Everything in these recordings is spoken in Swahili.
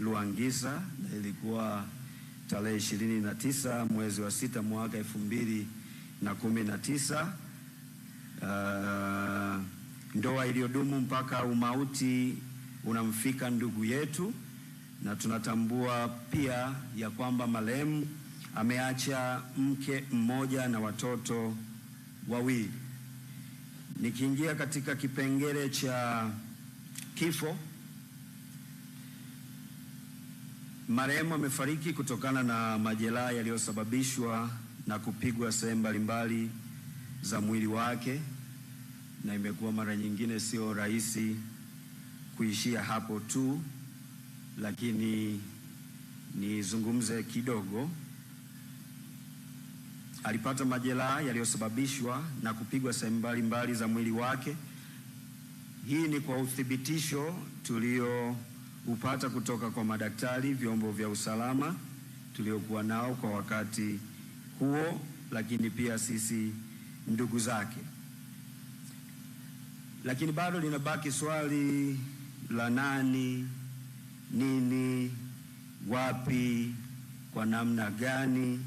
Luangisa na ilikuwa tarehe ishirini na tisa mwezi wa sita mwaka elfu mbili na kumi na tisa. Uh, ndoa iliyodumu mpaka umauti unamfika ndugu yetu, na tunatambua pia ya kwamba marehemu ameacha mke mmoja na watoto wawili. Nikiingia katika kipengele cha kifo Marehemu amefariki kutokana na majeraha yaliyosababishwa na kupigwa sehemu mbalimbali za mwili wake, na imekuwa mara nyingine sio rahisi kuishia hapo tu, lakini nizungumze kidogo. Alipata majeraha yaliyosababishwa na kupigwa sehemu mbalimbali za mwili wake. Hii ni kwa uthibitisho tulio hupata kutoka kwa madaktari, vyombo vya usalama tuliokuwa nao kwa wakati huo, lakini pia sisi ndugu zake. Lakini bado linabaki swali la nani, nini, wapi, kwa namna gani,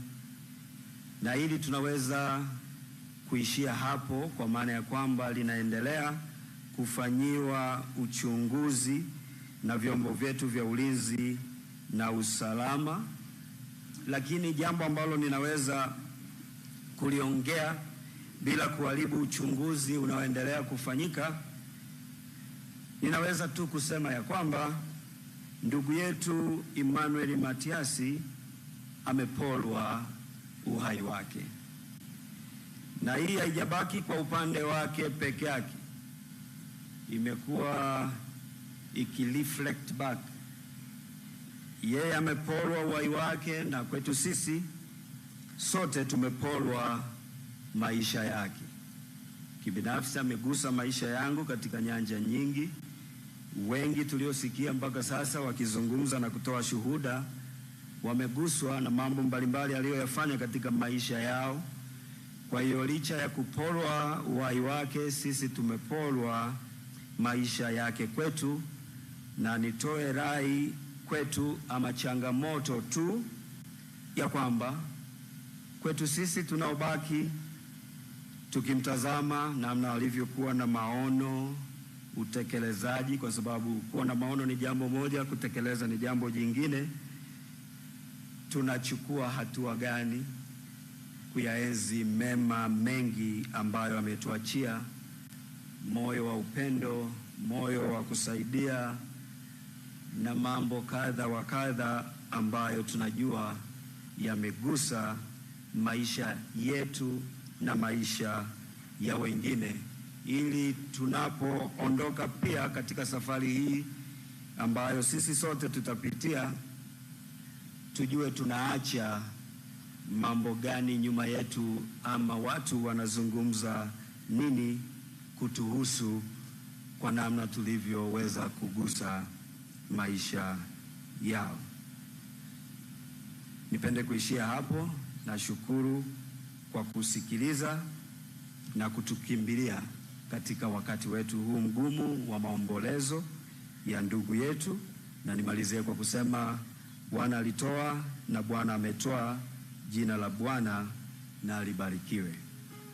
na ili tunaweza kuishia hapo, kwa maana ya kwamba linaendelea kufanyiwa uchunguzi na vyombo vyetu vya ulinzi na usalama. Lakini jambo ambalo ninaweza kuliongea bila kuharibu uchunguzi unaoendelea kufanyika, ninaweza tu kusema ya kwamba ndugu yetu Emmanuel Matiasi ameporwa uhai wake, na hii haijabaki kwa upande wake peke yake, imekuwa ikireflect back. Yeye ameporwa uhai wake na kwetu sisi sote tumeporwa maisha yake. Kibinafsi amegusa maisha yangu katika nyanja nyingi. Wengi tuliosikia mpaka sasa wakizungumza na kutoa shuhuda wameguswa na mambo mbalimbali aliyoyafanya katika maisha yao. Kwa hiyo licha ya kuporwa uhai wake, sisi tumeporwa maisha yake kwetu na nitoe rai kwetu ama changamoto tu ya kwamba kwetu sisi tunaobaki tukimtazama namna alivyokuwa na maono utekelezaji, kwa sababu kuwa na maono ni jambo moja, kutekeleza ni jambo jingine. Tunachukua hatua gani kuyaenzi mema mengi ambayo ametuachia, moyo wa upendo, moyo wa kusaidia na mambo kadha wa kadha ambayo tunajua yamegusa maisha yetu na maisha ya wengine, ili tunapoondoka pia katika safari hii ambayo sisi sote tutapitia, tujue tunaacha mambo gani nyuma yetu, ama watu wanazungumza nini kutuhusu kwa namna tulivyoweza kugusa maisha yao. Nipende kuishia hapo. Nashukuru kwa kusikiliza na kutukimbilia katika wakati wetu huu mgumu wa maombolezo ya ndugu yetu, na nimalizie kwa kusema Bwana alitoa na Bwana ametoa, jina la Bwana na alibarikiwe.